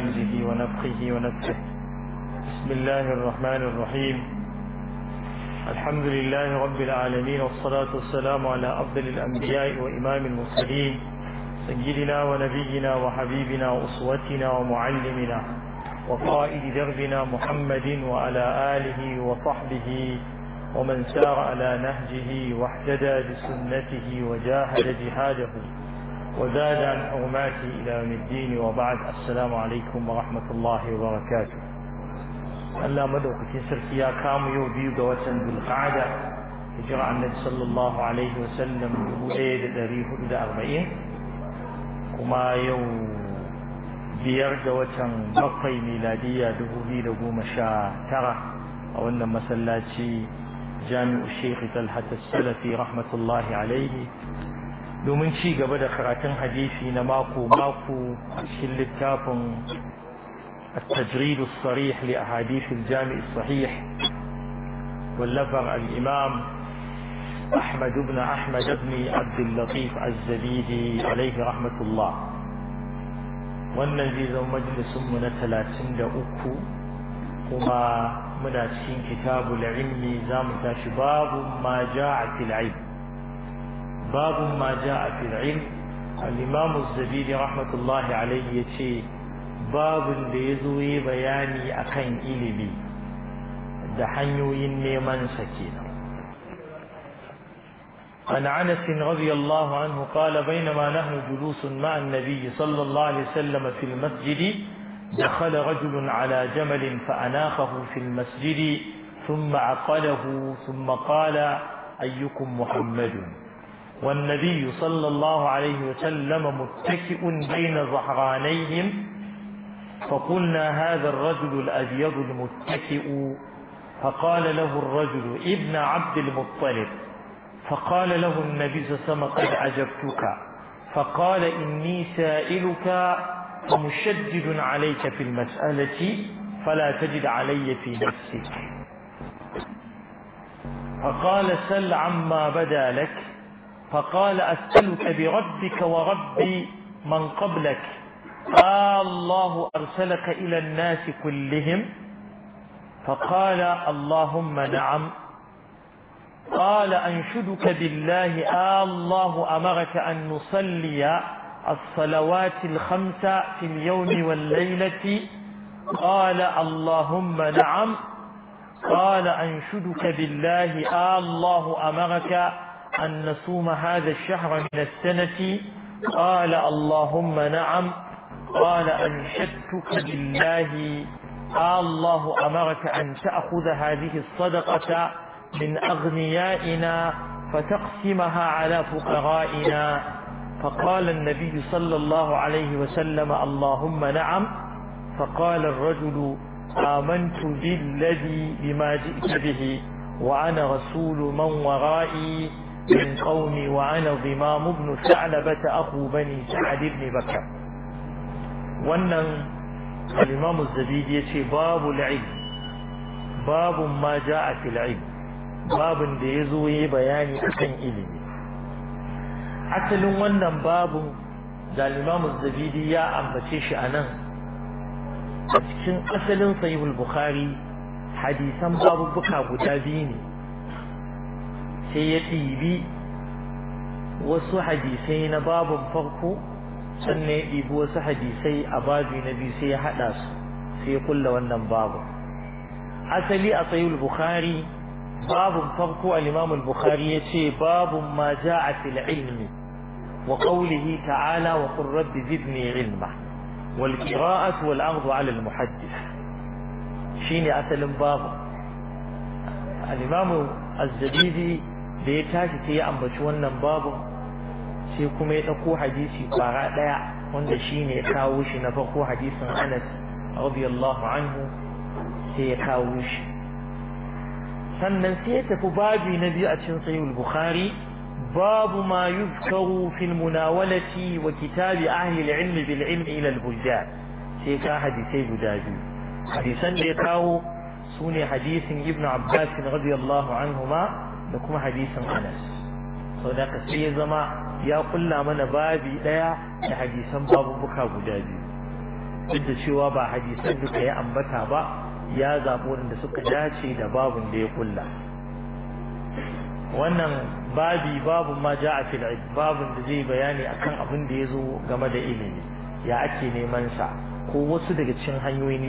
حمده ونفخه ونفخه بسم الله الرحمن الرحيم الحمد لله رب العالمين والصلاة والسلام على أفضل الأنبياء وإمام المرسلين سيدنا ونبينا وحبيبنا وأسوتنا ومعلمنا وقائد دربنا محمد وعلى آله وصحبه ومن سار على نهجه واحتدى بسنته وجاهد جهاده وزاد عن حرماته إلى يوم الدين وبعد السلام عليكم ورحمة الله وبركاته ألا مدعوك في سرسيا كام يوبي قوة بالقعدة هجرة النبي صلى الله عليه وسلم بوليد دريه إلى أربعين كما يوم biyar da watan bakwai miladiya dubu biyu da goma sha tara a wannan masallaci jami'u shekhi talhat salafi rahmatullahi alaihi domin ci gaba da karatun hadisi na mako-mako a cikin littafin التجريد الصريح لأحاديث الجامع الصحيح واللفر الإمام أحمد بن أحمد بن عبد اللطيف الزبيدي عليه رحمة الله والنزيز مجلس من ثلاثين لأكو وما من كتاب العلم زامت شباب ما جاءت العلم باب ما جاء في العلم الإمام الزبيدي رحمة الله عليه يتي باب بيزوي بياني أخين إلبي دحنيو إني من سكينة عن عنس رضي الله عنه قال بينما نحن جلوس مع النبي صلى الله عليه وسلم في المسجد دخل رجل على جمل فأناخه في المسجد ثم عقله ثم قال أيكم محمد والنبي صلى الله عليه وسلم متكئ بين ظهرانيهم فقلنا هذا الرجل الأبيض المتكئ فقال له الرجل ابن عبد المطلب فقال له النبي صلى الله عليه وسلم قد عجبتك فقال إني سائلك ومشدد عليك في المسألة فلا تجد علي في نفسك فقال سل عما بدا لك فقال أسألك بربك ورب من قبلك آه الله أرسلك إلى الناس كلهم فقال اللهم نعم قال أنشدك بالله آه الله أمرك أن نصلي الصلوات الخمس في اليوم والليلة قال اللهم نعم قال أنشدك بالله آه الله أمرك أن نصوم هذا الشهر من السنة قال اللهم نعم قال أنشدتك بالله آه الله أمرك أن تأخذ هذه الصدقة من أغنيائنا فتقسمها على فقرائنا فقال النبي صلى الله عليه وسلم اللهم نعم فقال الرجل آمنت بالذي بما جئت به وأنا رسول من ورائي من قومي وأنا ضمام بن ثعلبة أخو بني سعد بن بكر وأن الإمام الزبيدي يشي باب العلم باب ما جاء في العلم باب ديزوي بياني أكن إلمي أتلون وأن باب da Imam Zabidi ya ambace shi a nan a cikin asalin Sahihul Bukhari hadisan babubuka guda biyu ne sai ya ɗibi wasu hadisai na babin farko sannan ya ɗibi wasu hadisai a babi na biyu sai ya haɗa su sai ya kulla wannan babu asali a tsayul bukhari babun farko al-imam al-bukhari yace babun ma jaa fil ilmi wa qawlihi ta'ala wa qur rabbi zidni ilma wal qira'atu wal aghdu 'ala al muhaddith shine asalin babu al-imam az-zabidi da ya tashi sai ya ambaci wannan babu sai kuma ya ɗauko hadisi kwara ɗaya wanda shi ne ya kawo shi na farko hadisin anas radiyallahu anhu sai ya kawo shi sannan sai ya tafi babu na biyu a cikin sahihul bukhari babu ma yuzkaru fil munawalati wa kitabi ahli al-ilm bil ilm ila sai ka hadisai guda biyu hadisan da ya kawo sune hadisin ibnu abbas radiyallahu anhuma da kuma hadisin anas sau da sai ya zama ya kulla mana babi ɗaya da hadisan babubuka guda biyu duk da cewa ba hadisan duka ya ambata ba ya zaɓo da suka dace da babun da ya kulla wannan babi babun ma a fil babun da zai bayani akan abin da ya zo game da ilimi ya ake neman sa ko wasu daga cikin hanyoyin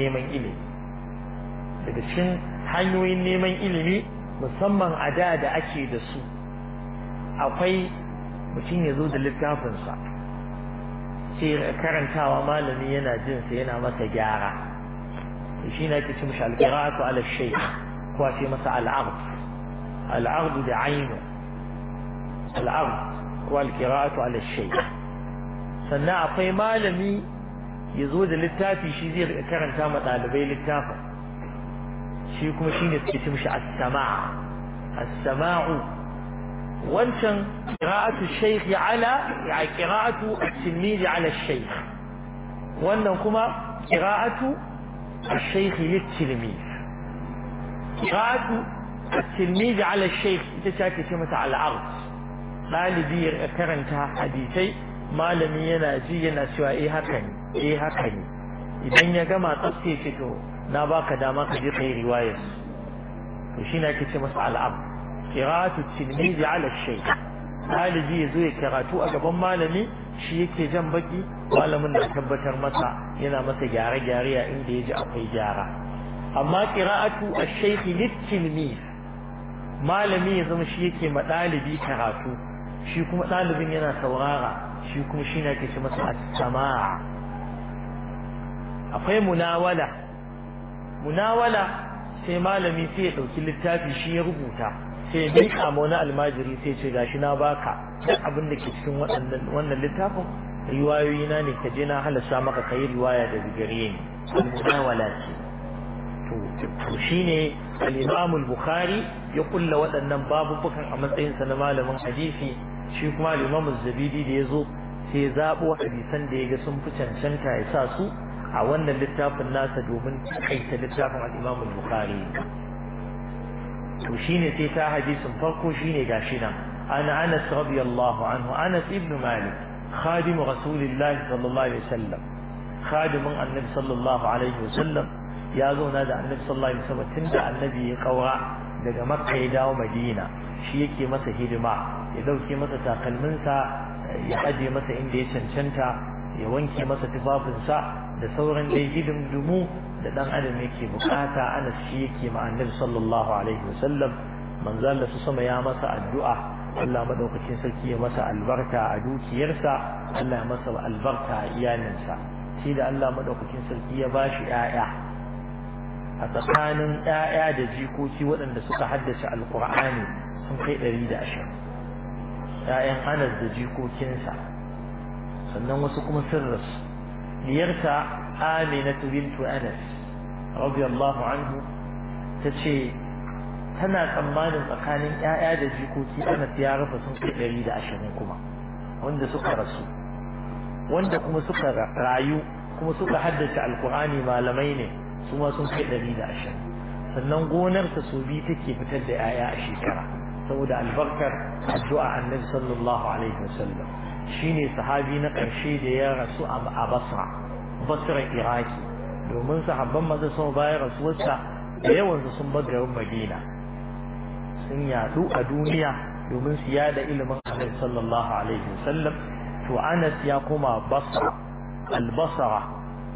daga cikin hanyoyin neman ilimi musamman a da da ake da su akwai mutum ya zo da littafinsa sai karantawa malami yana jinsa yana masa gyara shi na ke ce mashi alƙira'atu ala shai kuwa sai masa al'ard al'ard da ainu al'ard ko alƙira'atu ala shai sannan akwai malami ya zo da littafi shi zai karanta ma ɗalibai littafin shi kuma shine suke ce mishi as-sama' as-sama'u wancan qira'atu shaykh ala ya qira'atu at-tilmidi ala shaykh wannan kuma qira'atu ash-shaykh lit-tilmidhi qira'atu الشيخ للتلميذ قراءة shaykh ita take ce mata على ard dalibi ya karanta hadisi malami yana ji yana cewa eh haka ne eh haka ne idan ya gama tsaftace to na baka dama ka je ka yi riwayar to shi na ke ce masa al'ab kiratu tilmizi ala shai ɗalibi ya zo ya karatu a gaban malami shi yake jan baki malamin na tabbatar masa yana masa gyare-gyare a inda ya ji akwai gyara amma kira'atu a shaikhi littilmi malami ya zama shi yake ma ɗalibi karatu shi kuma ɗalibin yana saurara shi kuma shi na ke ce masa a sama'a akwai munawala munawala sai malami sai ya ɗauki littafi shi ya rubuta sai ya miƙa ma wani almajiri sai ce gashi na baka duk abin da ke cikin wannan littafin riwayoyi na ne ka je na halasta maka kai riwaya da bigare ne munawala ce to shine al-Imam al-Bukhari ya kulla waɗannan babubukan a matsayin sa na malamin hadisi shi kuma al-Imam az-Zabidi da yazo sai ya zabo hadisan da yaga sun fi cancanta ya sa su a wannan littafin nasa domin kaita littafin al-Imam bukhari to shine sai ta hadisin farko shine gashi nan an Anas radiyallahu anhu Anas ibn Malik khadim Rasulullah sallallahu alaihi wasallam khadimin Annabi sallallahu alaihi wasallam ya zauna da Annabi sallallahu alaihi wasallam tunda Annabi ya ƙaura daga Makka ya dawo Madina shi yake masa hidima ya dauke masa takalminsa ya aje masa inda ya cancanta ya wanke masa tufafinsa da sauran dai gidan dumu da dan adam yake bukata anas shi yake ma annabi sallallahu alaihi wasallam manzo Allah su sama ya masa addu'a Allah madaukakin sarki ya masa albarka a dukiyarsa Allah ya masa albarka a iyalinsa shi da Allah madaukakin sarki ya bashi ƴaƴa a tsakanin ƴaƴa da jikoki waɗanda suka haddace alqur'ani sun kai 120 ƴaƴan Anas da jikokinsa sannan wasu kuma sirras diyarta aminatu bintu anas radiyallahu anhu tace tana tsammanin tsakanin ƴaƴa da jikoki anas ya rufe sun kai ɗari da ashirin kuma wanda suka rasu wanda kuma suka rayu kuma suka haddace alkur'ani malamai ne su ma sun kai ɗari da ashirin sannan gonarta su biyu take fitar da 'ya'ya a shekara saboda albarkar addu'a annabi sallallahu alaihi wasallam shine sahabi na ƙarshe da ya rasu a basra basra iraki domin sahabban maza sun bayan rasuwarsa da yawansu sun bar garin madina sun yadu a duniya domin su yada ilimin annabi sallallahu alaihi wasallam to anas ya koma basra albasra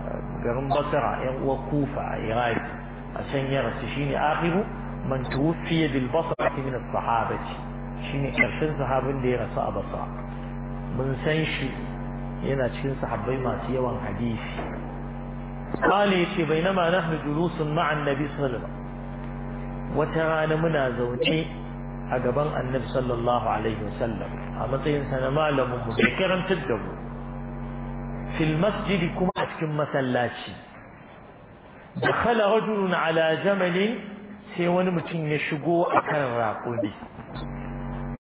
eh, garin basra yan uwa kufa a iraki a can ya rasu shine akhiru man tuwfiya bil basra min as-sahabati shine karshen sahabin da ya rasu a basra mun san shi yana cikin sahabbai masu yawan hadisi bai yace bainama nahnu julusun ma'a annabi sallallahu wata rana muna zaune a gaban annabi sallallahu alaihi wasallam a matsayin sa na malamin mu da karantar da mu fil masjid kuma a cikin masallaci دخل رجل ala جمل sai wani mutum ya shigo akan raƙumi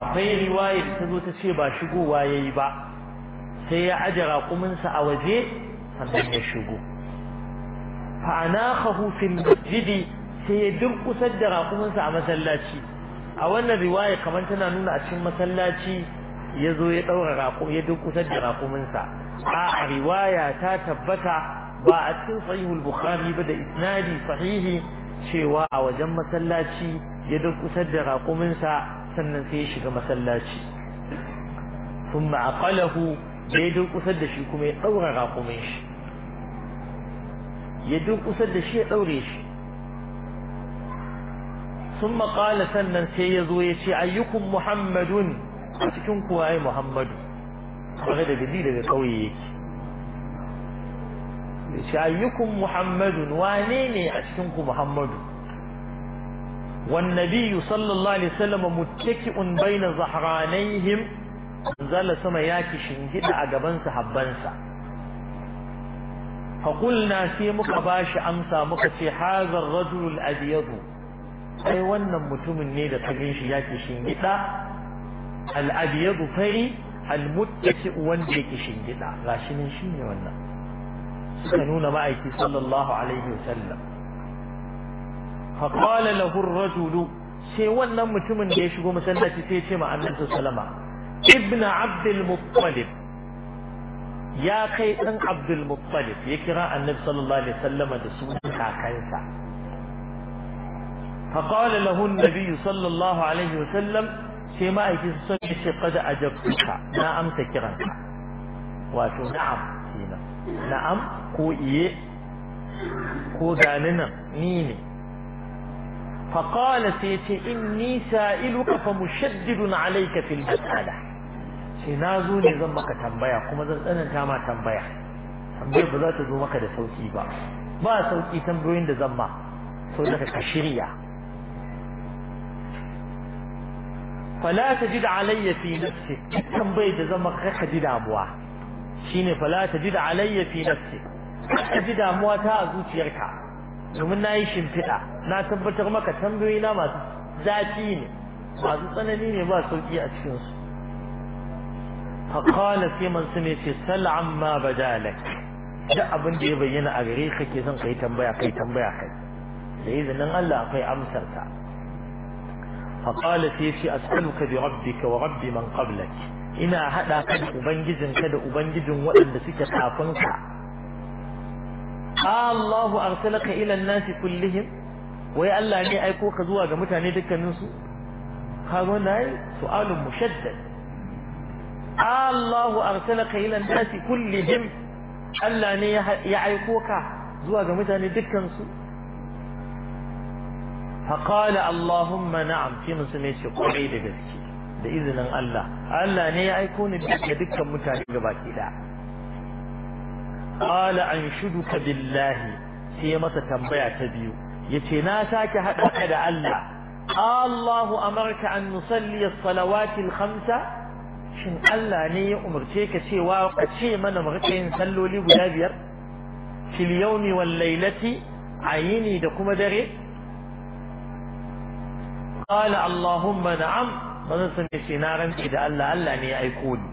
akwai riwaya da ta zo ta ce ba shigowa ya yi ba sai ya aje raƙuminsa a waje sannan ya shigo fa'anakahu fil masjidi sai ya duk kusa da raƙuminsa a masallaci a wannan riwaya kamar tana nuna a cikin masallaci ya zo ya ɗaura raƙo ya kusa da raƙuminsa a riwaya ta tabbata ba a cikin sahihul bukhari ba da isnadi sahihi cewa a wajen masallaci ya duk kusa da raƙuminsa sannan sai ya shiga masallaci kuma aqalahu da duk durƙusar da shi kuma ya ɗaura kuma shi ya duk durƙusar da shi ya daure shi kuma maƙala sannan sai ya zo ya ce ayyukum muhammadun cikin kuwa ya muhammadu kuma da gadi daga kauye yake ya ce ayyukum muhammadun wane ne a cikin ku muhammadu والنبي صلى الله عليه وسلم متكئ بين ya ki سما a gabansa اغبان صحابن sai muka مكا باشي امسا مكا سي هذا الرجل الابيض اي wannan mutumin ne da kagin ya yake shingida al abyad fari al muttaki wanda yake shingida gashi ne wannan suka nuna ma'aiki sallallahu alaihi wasallam فقال له الرجل sai wannan mutumin da ya shigo masallaci sai ya ce ma annabi sallama ibn abdul muttalib ya kai dan abdul muttalib ya kira annabi sallallahu alaihi wasallama da sunan kakansa fa qala lahu an-nabi sallallahu alaihi wasallam sai ma aiki sun ce qad ajabtuka na amsa kiranka wato na'am na'am ko iye ko ganinan ni ne faƙala sai ce in nisa ilu ƙafa mu shaddidun alaika fil sai na zo ne zan maka tambaya kuma zan tsananta ma tambaya tambayar ba za ta zo maka da sauƙi ba ba sauƙi tambayoyin da zan ma so daga ka shirya فلا تجد علي في نفسك كم بيد زم خجد أبوا شين فلا تجد علي في نفسك خجد أبوا تأذو تيركا domin na yi shimfiɗa na tabbatar maka tambayoyi na masu zafi ne masu tsanani ne ba sauƙi a cikinsu faƙala sai man sami ne ce ma badalak abin da ya bayyana a gare ka ke son kai tambaya kai tambaya kai da izinin Allah akwai amsar ta faƙala sai ce as'aluka bi rabbika wa rabbi man qablak ina haɗa ka da ubangijinka da ubangijin waɗanda suke kafin ka Allahu arsalaka ila an-nasi kullihim wai Allah ne aiko ka zuwa ga mutane dukkanin su kaga nayi su'alun mushaddad Allahu arsalaka ila an-nasi kullihim Allah ne ya aiko ka zuwa ga mutane dukkan su فقال اللهم نعم shi musulmai ce kwarai da gaske da izinin Allah Allah ne ya aiko ni da dukkan mutane gabaki daya qala anshuduka billahi sai masa tambaya ta biyu yace na sake hada ka da Allah Allahu amarka an nusalli as-salawati al-khamsa shin Allah ne ya umarce ka cewa ka ce mana mu rika yin salloli guda biyar fil yawmi wal laylati ayini da kuma dare qala allahumma na'am manzon sun ce na rantsi da Allah Allah ne ya aiko ni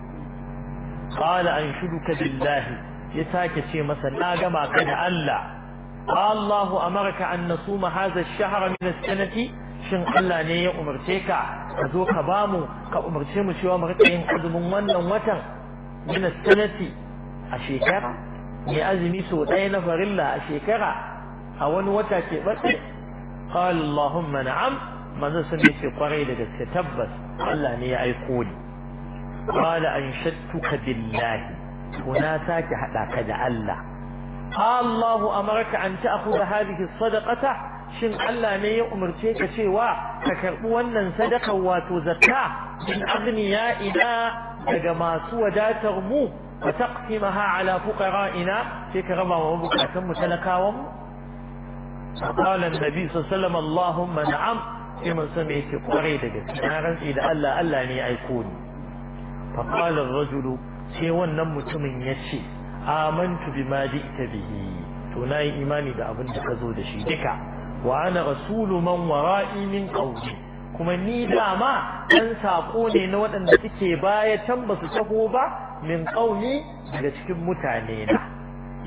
qala anshuduka billahi ya sake ce masa na gama ka da Allah Allahu amarka an nasuma hadha ash-shahra min as-sanati shin Allah ne ya umarce ka ka zo ka bamu ka umarce mu cewa mu yin azumin wannan watan min as-sanati a shekara ne azumi so ɗaya na farilla a shekara a wani wata ke batse qala Allahumma na'am manzo sun ce kwarai da gaske tabbas Allah ne ya aiko ni qala anshadtuka billahi to na sake hada ka da Allah Allahu amarka an ta'khudha hadhihi sadaqata shin Allah ne ya umarce ka cewa ka karbi wannan sadaka wato zakka min agniya ina daga masu wadatar mu wa taqsimaha ala fuqara'ina sai ka raba wa bukatun mu talakawan mu قال النبي صلى الله عليه وسلم اللهم نعم sai mun san me da gaske na rantsi da Allah Allah ne ya aiko ni fa qala ar-rajulu sai wannan mutumin ya ce amantu ji ji'ta bihi to nayi imani da abin da ka zo da shi duka wa ana rasulu man wara'i min qawli kuma ni dama dan sako ne na waɗanda suke baya can ba su taho ba min qawli daga cikin mutane na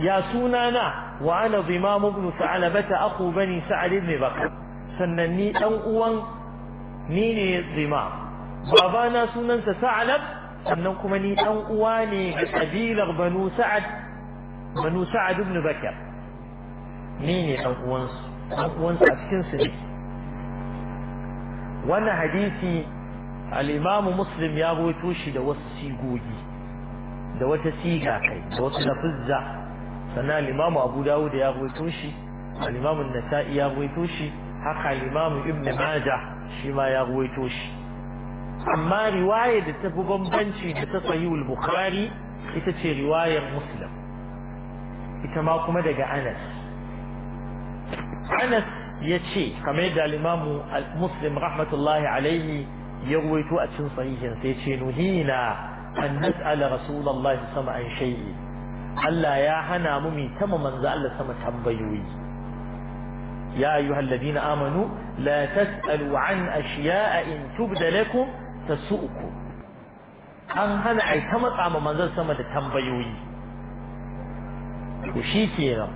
ya sunana wa ana zimam ibn sa'labata aku bani sa'd ibn bakr sannan ni dan uwan ni ne zimam babana sunansa sa'lab sannan kuma ni ɗan uwa ne ga ƙabilar banu sa'ad banu sa'ad ibn Bakr ni ne ɗan uwansu ɗan uwansu a cikin su ne wannan hadisi al-imamu muslim ya rawaito shi da wasu sigogi da wata siga kai da wasu lafizza sannan al-imamu abu dawud ya rawaito shi al-imamu nasa'i ya rawaito shi haka al-imamu ibn majah shi ma ya rawaito shi amma riwaya da ta fi bambanci da ta sahihul bukhari ita ce riwayar muslim ita ma kuma daga anas anas ya ce kamar yadda alimamu muslim rahmatullahi alaihi ya ruwaito a cikin sahihin sai ce nuhina an nas'ala rasulullahi sama an shay'i Allah ya hana mu mi tama manzo Allah sama tambayoyi ya ayyuhalladhina amanu la tas'alu an ashiya'a in tubda lakum ta su uku an hana ai ta matsa ma manzon sama da tambayoyi to shi kenan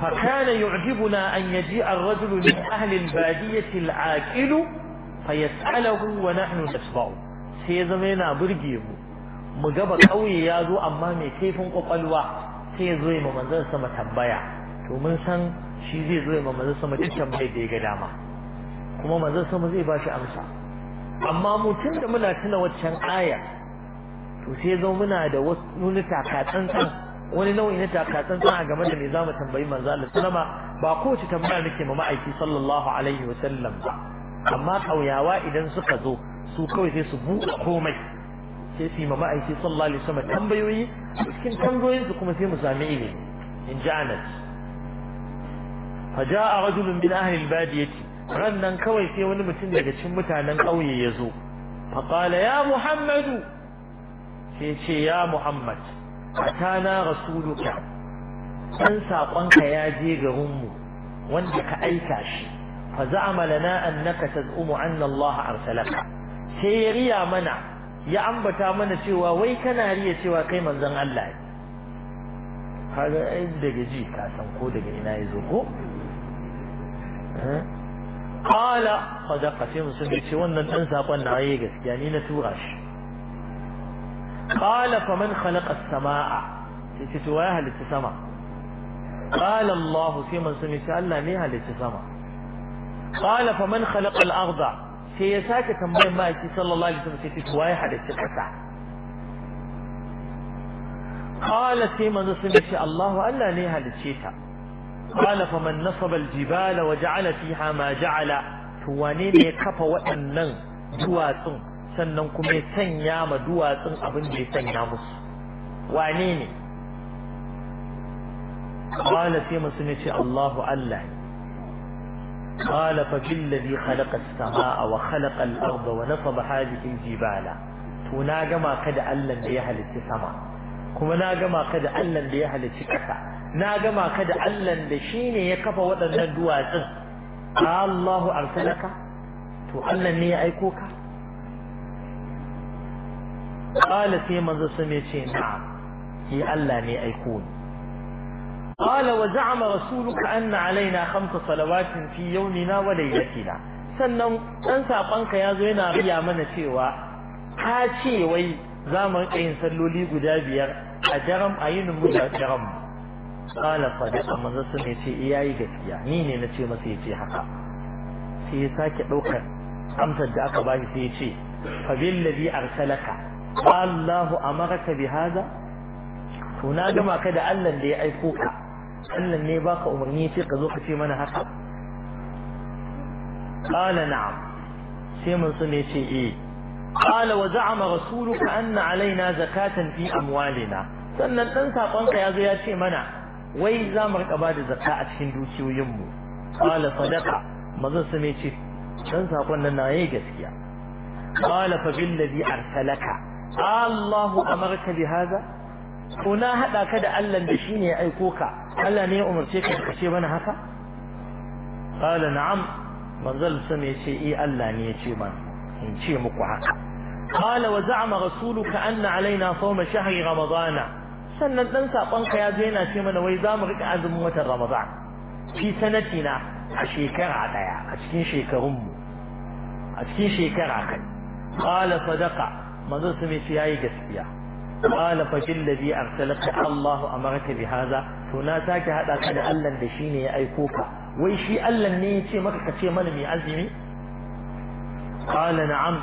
fa kana yu'jibuna an yaji ar rajul min ahli al-badiyati al-aqilu yas'aluhu wa nahnu nasba'u sai zama yana burge mu mu gaba kauye ya zo amma mai kaifin kwakwalwa sai ya zo ya manzon sama tambaya to mun san shi zai zo ya manzon sama duk tambayar da ya ga dama kuma manzon sama zai ba shi amsa amma mu tun da muna tuna waccan aya to sai zo muna da wani takatsantsan wani nau'i na takatsantsan a game da me za mu tambayi manzo Allah sallama ba kowace tambaya nake ma ma'aiki sallallahu alaihi wa sallam ba amma kauyawa idan suka zo su kawai sai su buɗe komai sai su yi ma ma'aiki sallallahu alaihi wa sallam tambayoyi cikin tambayoyin kuma sai mu sami ilimi in ji Anas فجاء رجل من أهل البادية ran nan kawai sai wani mutum daga cikin mutanen ƙauye ya zo faƙala ya muhammadu sai ce ya muhammad atana rasuluka ɗan saƙonka ya je garinmu wanda ka aika shi fa za'ama lana annaka taz'umu anna Allah arsalaka sai ya riya mana ya ambata mana cewa wai kana riya cewa kai manzon Allah ne kaga ai daga ji ka san ko daga ina yazo ko eh قال صدقة في مسلم شون أنسى أن عيقس يعني نتوغش قال فمن خلق السماء تتواها للتسماء قال الله في من سمي سألا نيها للتسماء قال فمن خلق الأرض في يساك تنبين ما يتي صلى الله عليه وسلم تتواها للتسماء قال في من سمي الله ألا نيها للتسماء قال فمن نصب الجبال وجعل فيها ما جعل wane ne ya kafa waɗannan duwatsun sannan kuma ya sanya ma duwatsun abin da ya sanya musu wane ne qala sai musu ne Allahu Allah qala fa billazi khalaqa as-samaa wa khalaqa al-arda wa nasaba hadhihi al-jibala to na gama ka da Allah da ya halitta sama kuma na gama ka da Allah da ya halicci ƙasa na gama ka da Allah da shine ya kafa waɗannan duwatsun Allahu arsalaka to Allah ne ya aiko ka qala sai manzo sun ya ce na shi Allah ne aiko ni qala wa za'ama rasuluka anna alaina khamsa salawatin fi yawmina wa laylatina sannan dan sakonka yazo yana riya mana cewa ka ce wai za mu riƙa yin salloli guda biyar a jaram a yin guda jaram qala sadaqa manzo sun ce eh, yi gaskiya ni ne na ce masa ya ce haka sai ya sake ɗaukar amsar da aka bashi sai ya ce fa billazi arsalaka Allahu amaraka bi hada to na gama ka da Allah da ya aiko ka Allah ne baka umarni sai ka zo ka ce mana haka Kala na'am sai mun sun ce eh قال وزعم رسولك أن علينا زكاة في أموالنا sannan ɗan saƙonka ya zo ya ce mana wai za mu riƙa ba da zakka a cikin dukiyoyinmu ƙala sadaka mazan su ne ce ɗan saƙon na yayi gaskiya ƙala fa billazi arsalaka Allahu amarka bi haza ko na haɗa ka da Allah da shine ya aiko ka Allah ya umarce ka ce mana haka ƙala na'am Allah ne ya ce in ce muku haka qala wa za'ama rasuluka anna alaina sawma shahri ramadana sannan dan sakon ka ya zo yana ce mana wai zamu rika azumin watan ramadan fi sanatina a shekara daya a cikin shekarun mu a cikin shekara kai qala sadaqa manzo su mai yayi gaskiya qala fa bil ladhi arsalaka Allah amaraka bi hadha to na sake hada ka da Allah da shine ya aiko ka wai shi Allah ne ya ce maka ka ce mana mai azumi قال نعم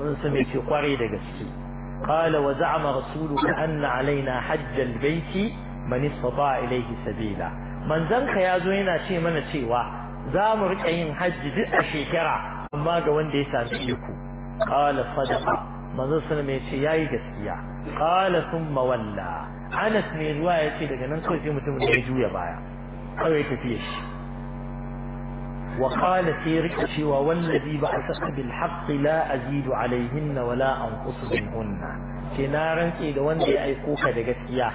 من سمعت قري دغسكي قال وزعم رسولك أن علينا حج البيت من استطاع إليه سبيلا من زنك يا زوينا شي من شيوا زام ركعين حج دئ شكرا أما قوان دي سامعيكو قال صدق من سلم يشي ياي قسكيا قال ثم ولى أنس من رواية شي لغنان كوزي متمنى يجويا بايا قوي تفيش وقال سيرك شوى والذي بعثك بالحق لا أزيد عليهن ولا أنقص منهن كنارا إذا وان دي أيقوك دقتيا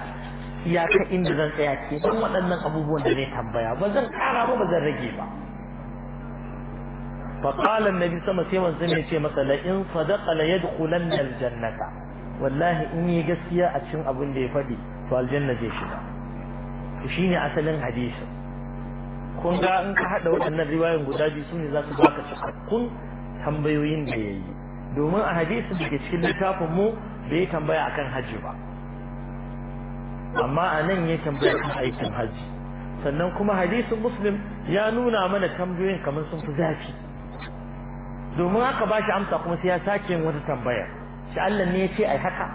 iyaka inda zan tsaya don waɗannan abubuwan da zai tambaya ba zan ƙara ba ba zan rage ba faƙalar nabi sama sai wanzu ne ce masa la'in sadaqa la yadkhulan aljannata wallahi in yi gaskiya a cikin abin da ya faɗi to aljanna zai shiga shine asalin hadisi kun ga in ka haɗa waɗannan riwayoyin guda biyu sune za su baka cikakkun tambayoyin da ya yi domin a hadisi da ke cikin littafin mu bai tambaya akan hajji ba amma a nan ya tambaya kan aikin hajji sannan kuma hadisin muslim ya nuna mana tambayoyin kamar sun fi zafi domin aka ba shi amsa kuma sai ya sake yin wata tambaya shi Allah ne ya ce ai haka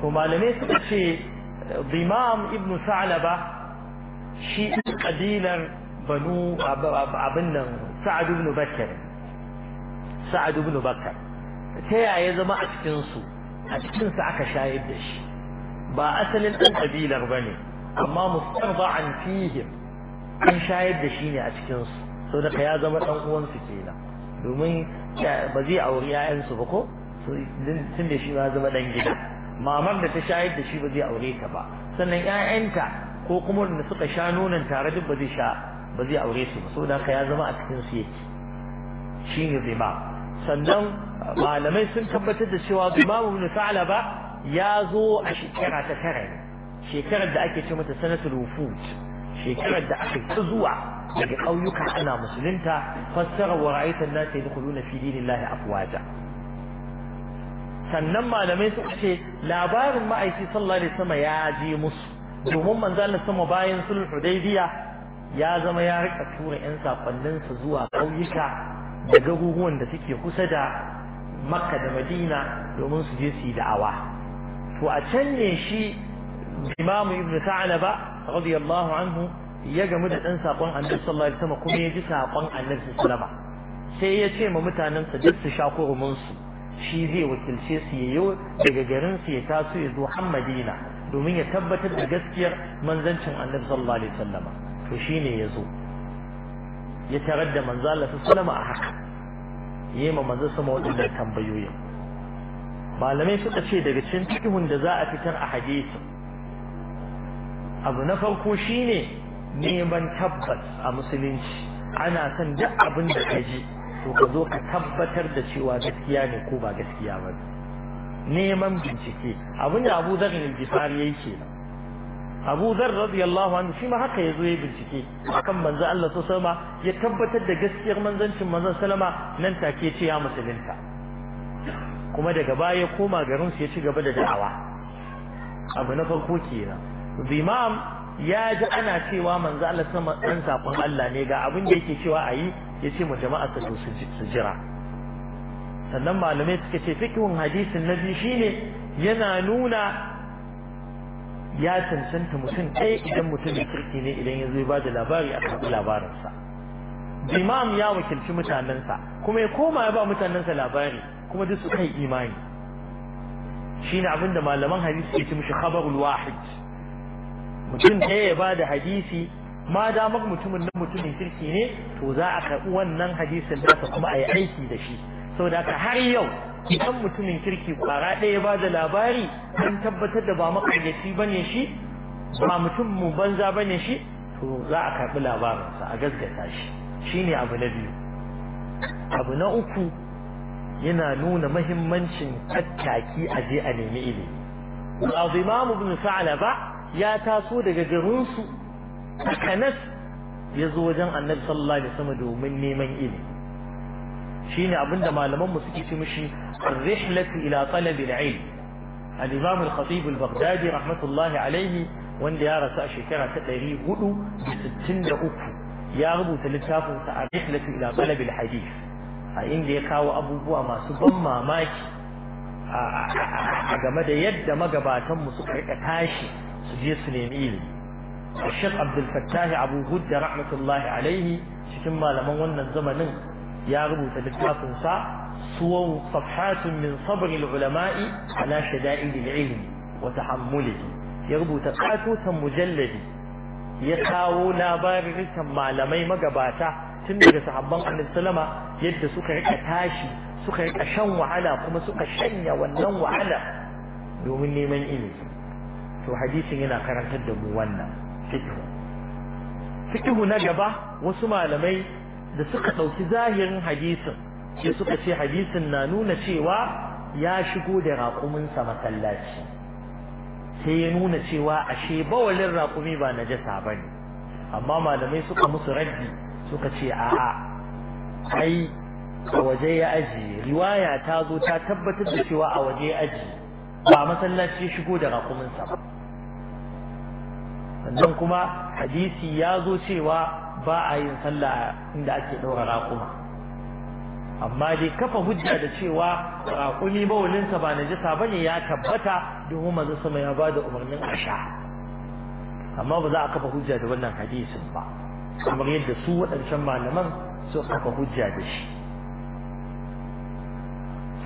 to malamai suka ce Ibnu ibnu Sa'laba shi ƙabilar banu abin nan Sa'adu ibn Bakar, Sa'adu ibn Bakar ta yaya zama a cikin su a cikin su aka shayar da shi ba asalin ɗan ƙabilar ba ne, amma mustarba'an ba an shayar da shi ne a cikin su so da ya zama dan uwan su kenan domin ba zai auri 'ya'yansu ba ko tun da shi ma zama ɗan gida mamar da ta shayar da shi ba zai aure ta ba sannan 'ya'yanta ko kuma wanda suka sha nonon tare duk ba zai sha ba zai aure su ba saboda haka ya zama a cikin su yake shine riba sannan uh, malamai sun tabbatar da cewa Imam Ibn Sa'laba ya zo a shekara ta tara shekarar da ake ce mata sanatul wufud shekarar da aka ta zuwa daga ƙauyuka ana musulunta fassara wa ra'aitan nas yadkhuluna fi dinillahi afwaja sannan malamai suka ce labarin ma'aiki sallallahu alaihi wasallam ya je musu domin manzo Allah sama bayan sulh hudaybiya ya zama ya rika tura yan sakonnin su zuwa kauyuka da garuruwan da suke kusa da Makka da Madina domin su je su da'awa to a can ne shi Imam Ibn Sa'laba radiyallahu anhu ya gamu da dan sakon Annabi sallallahu alaihi wasallam kuma ya ji sakon Annabi sallallahu sai ya ce ma mutanen sa duk su sha kurumin su shi zai wakilce su yayo daga garin su ya taso ya zo har Madina domin ya tabbatar da gaskiyar manzancin annabi sallallahu alaihi wasallama to shine yazo ya tarar da manzo Allah sallallahu a haka yema ma manzo sama wadanda tambayoyin malamai suka ce daga cikin tikihun da za a fitar a hadisi abu na farko shine neman tabbas a musulunci ana son duk abin da kaji ji to ka zo ka tabbatar da cewa gaskiya ne ko ba gaskiya ba ne neman bincike abin da Abu Dharr al-Ghifari yake Abu Dharr radiyallahu anhu shi ma haka zo ya bincike akan manzo Allah sama ya tabbatar da gaskiyar manzancin manzon salama nan take ce ya musulunta kuma daga baya koma garin su ya ci gaba da da'awa abu na farko kenan imam ya ji ana cewa manzo Allah sama dan sakon Allah ne ga abin da yake cewa ayi yace mu jama'a su jira sannan malamai suka ce fiqhun hadisin nabi shine yana nuna ya cancanta mutum ɗaya idan mutumin kirki ne idan ya zo ba da labari a karɓi labarinsa imam ya wakilci mutanensa kuma ya koma ya ba mutanensa labari kuma duk su kai imani shine abin da malaman hadisi ke ci mishi khabarul wahid mutum ɗaya ya ba da hadisi ma damar mutumin nan mutumin kirki ne to za a karɓi wannan hadisin nasa kuma a yi aiki da shi saboda ka har yau idan mutumin kirki kwara ɗaya ba da labari an tabbatar da ba makaryaci ba ne shi ba mutum mu banza ba ne shi to za a karɓi labarinsa a gasgata shi shi ne abu na biyu abu na uku yana nuna mahimmancin tattaki a je a nemi ilimi al'imamu bin sa'alaba ya taso daga garinsu a kanas ya zo wajen annabi sallallahu alaihi wasallam domin neman ilimi shine abinda malaman mu suke ce mishi rihlatu ila talab al-ilm al-imam al-khatib al-baghdadi rahmatullahi alayhi wanda ya rasu a shekara ta 463 ya rubuta littafin sa rihlati ila talab al-hadith a inda ya kawo abubuwa masu ban mamaki a game da yadda magabatan mu suka rika tashi su je su nemi ilimi الشيخ عبد الفتاح أبو هدى رحمة الله عليه شكما لمن ونن زمنن ya rubuta littafin sa suwan safhatun min sabr ulama'i ala shada'id al wa tahammulihi ya rubuta katotan mujalladi ya kawo labarin malamai magabata tun daga sahabban annabi sallama yadda suka rika tashi suka rika shan wahala kuma suka shanya wannan wahala domin neman ilimi to hadisin yana karantar da mu wannan fiqh fiqh na gaba wasu malamai da suka ɗauki zahirin hadisin sai suka ce hadisin na nuna cewa ya shigo da raƙuminsa masallaci sai ya nuna cewa ashe bawalin raƙumi ba jasa ba ne amma malamai suka musu raddi suka ce a'a ai a waje ya ajiye riwaya ta zo ta tabbatar da cewa a waje ya ajiye ba masallaci ya shigo da raƙuminsa ba sannan kuma hadisi ya zo cewa ba a yin sallah inda ake ɗaura raƙuma amma dai kafa hujja da cewa raƙumi bawulinsa ba najisa ba ne ya tabbata domin manzo sama ya ba da umarnin asha amma ba za a kafa hujja da wannan hadisin ba kamar yadda su waɗancan malaman su kafa hujja da shi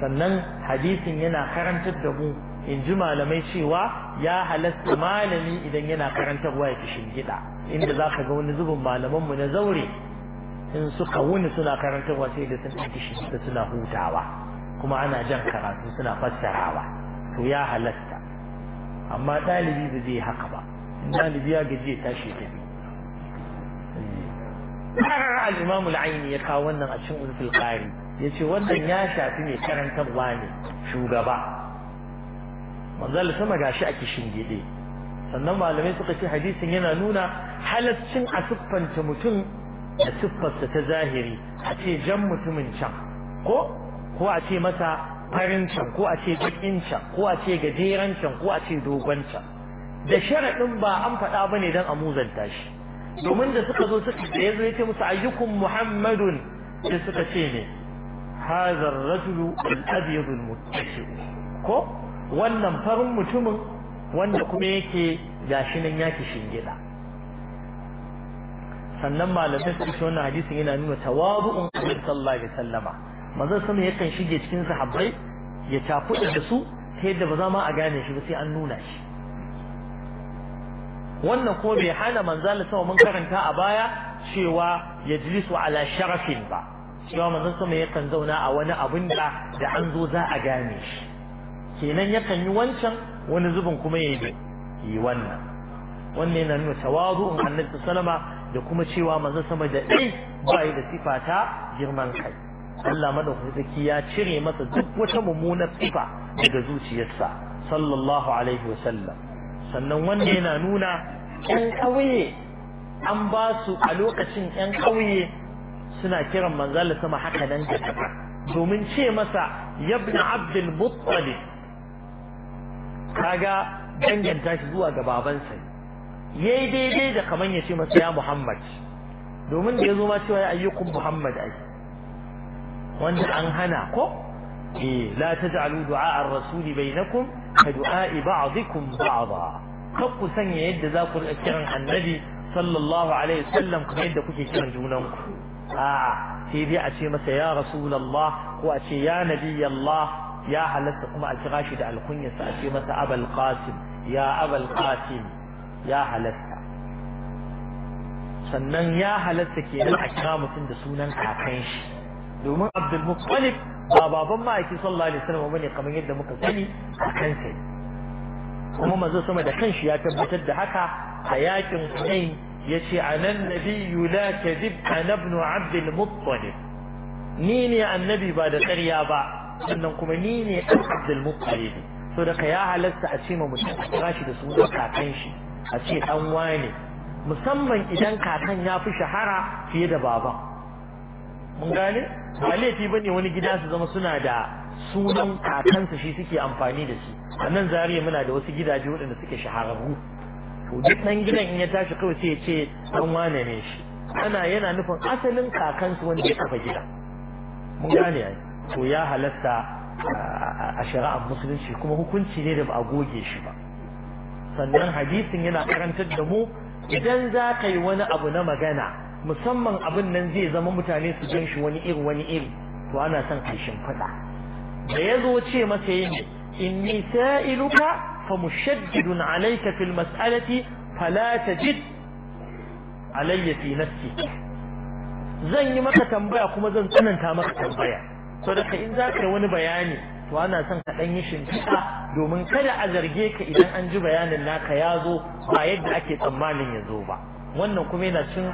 sannan hadisin yana karantar da mu in ji malamai cewa ya halasta malami idan yana karantarwa ya fi gida inda za ka ga wani zubin malamanmu na zaure in suka wuni suna karantarwa sai da sun ɗauki shi da suna hutawa kuma ana jan karatu suna fassarawa to ya halasta amma ɗalibi ba zai haka ba in ɗalibi ya gaji tashi ta bi eh. al-imam al-aini ya kawo wannan a cikin ulfil qari yace wannan ya shafi mai karantarwa ne shugaba manzal sama gashi a kishin gide sannan malamai suka ce hadisin yana nuna halaccin a siffanta mutum da siffarsa ta zahiri a ce jan mutumin can ko ko a ce masa farin can ko a ce bakin can ko a ce gajeren can ko a ce dogon can da sharaɗin ba an faɗa ba ne don a muzanta shi domin da suka zo suka da ya zo ya ce musu ayyukun muhammadun da suka ce ne hazar rajulu al abyadul muttaki ko wannan farin mutumin wanda kuma yake gashi nan yaki shingida sannan malamai su ce wannan hadisin yana nuna tawabu'un Annabi sallallahu alaihi wasallama manzon sama yakan shige cikin sahabbai ya tafi da su ta yadda ba za ma a gane shi ba sai an nuna shi wannan ko bai hana manzon sama mun karanta a baya cewa yajlisu ala sharafin ba cewa manzon sama yakan zauna a wani abin da da an zo za a gane shi kenan yakan yi wancan wani zubin kuma ya yi wannan wannan yana nuna tawazu'un annabi sallama da kuma cewa manzo sama da ɗai ba yi da sifa ta girman kai Allah madaukaki ya cire masa duk wata mummunar sifa daga zuciyarsa sallallahu alaihi wa sallam sannan wanda yana nuna ɗan ƙauye an ba su a lokacin ɗan ƙauye suna kiran Allah sama haka nan da domin ce masa yabna abdul muttalib kaga danganta shi zuwa ga babansa yayi daidai da kaman yace masa ya Muhammad domin da yazo ma cewa ya ayyukum Muhammad ai wanda an hana ko eh la taj'alu du'a ar-rasul bainakum ka du'a ba'dikum ba'dha kar ku sanya yadda za ku kiran annabi sallallahu alaihi wasallam kuma yadda kuke kiran junanku a sai dai a ce masa ya rasulullah ko a ce ya nabiyallah ya halatta kuma a kira shi da alkunya sai a ce masa abul qasim ya abul qasim ya halatta sannan ya halatta kenan a kira mutum da sunan kakan shi domin abdul ba baban ma'aiki sallallahu alaihi wasallam bane kamar yadda muka sani kakan sai kuma manzo sama da kanshi ya tabbatar da haka a yakin hunain yace anan nabiyyu la kadib ana ibn abdul ni ne annabi ba da ƙarya ba sannan kuma ni ne ɗan muttalib so da ya halasta a ce ma mutum a kira shi da sunan kakan shi a ce ɗan wane musamman idan kakan ya fi shahara fiye da baban mun gane ba laifi ba ne wani gida su zama suna da sunan kakansa shi suke amfani da shi a nan zariya muna da wasu gidaje waɗanda suke shahararru to duk ɗan gidan in ya tashi kawai sai ya ce ɗan wane ne shi ana yana nufin asalin kakansu wanda ya kafa gida. mun gane to ya halasta a shari'ar musulunci kuma hukunci ne da ba a goge shi ba sannan hadisin yana karantar da mu idan za ka yi wani abu na magana musamman abin nan zai zama mutane su jan shi wani iri wani iri to ana son kai shimfiɗa da ya zo ce masa yi inni sa'iluka fa mushaddidun alayka fil mas'alati fala tajid alayya fi nafsi zan yi maka tambaya kuma zan tsananta maka tambaya saboda in za ka yi wani bayani to ana son ka dan yi shimfiɗa domin kada a zarge ka idan an ji bayanin naka ya zo ba yadda ake tsammanin ya zo ba wannan kuma yana cin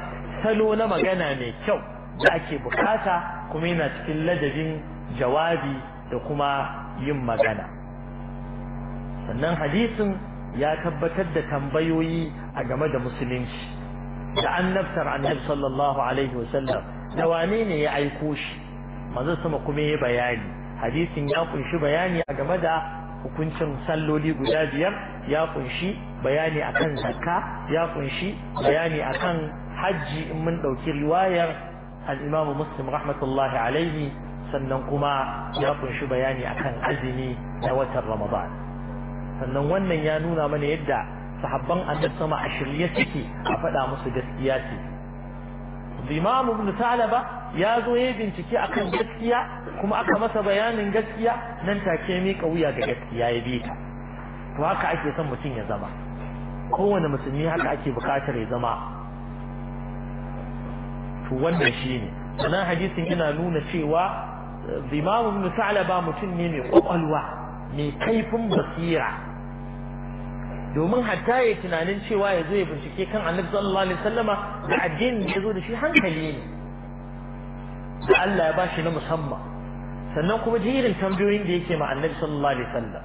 salo na magana mai kyau da ake bukata kuma yana cikin ladabin jawabi da kuma yin magana sannan hadisin ya tabbatar da tambayoyi a game da musulunci da annabtar annabi sallallahu alaihi wasallam da wane ne ya aiko shi manzo sama kuma ya bayani hadisin ya kunshi bayani a game da hukuncin salloli guda biyar ya kunshi bayani akan zakka ya kunshi bayani akan hajji in mun ɗauki riwayar al muslim rahmatullahi alaihi sannan kuma ya kunshi bayani akan azumi na watan ramadan sannan wannan ya nuna mana yadda sahabban annabi sama a shirye suke a faɗa musu gaskiya ce الإمام ابن ثعلبة ya zo ya bincike a kan gaskiya kuma aka masa bayanin gaskiya nan take mika wuya ga gaskiya ya bi ta to haka ake son mutum ya zama kowane musulmi haka ake bukatar ya zama to wannan ne. sannan hadisin yana nuna cewa zimamu eh, ibn ba mutum ne mai kwakwalwa mai kaifin basira domin hatta ya tunanin cewa ya zo ya bincike kan annabi sallallahu alaihi wasallama da addinin ya zo da shi hankali ne da Allah ya bashi na musamman sannan kuma ji tambayoyin da yake ma annabi sallallahu alaihi wasallam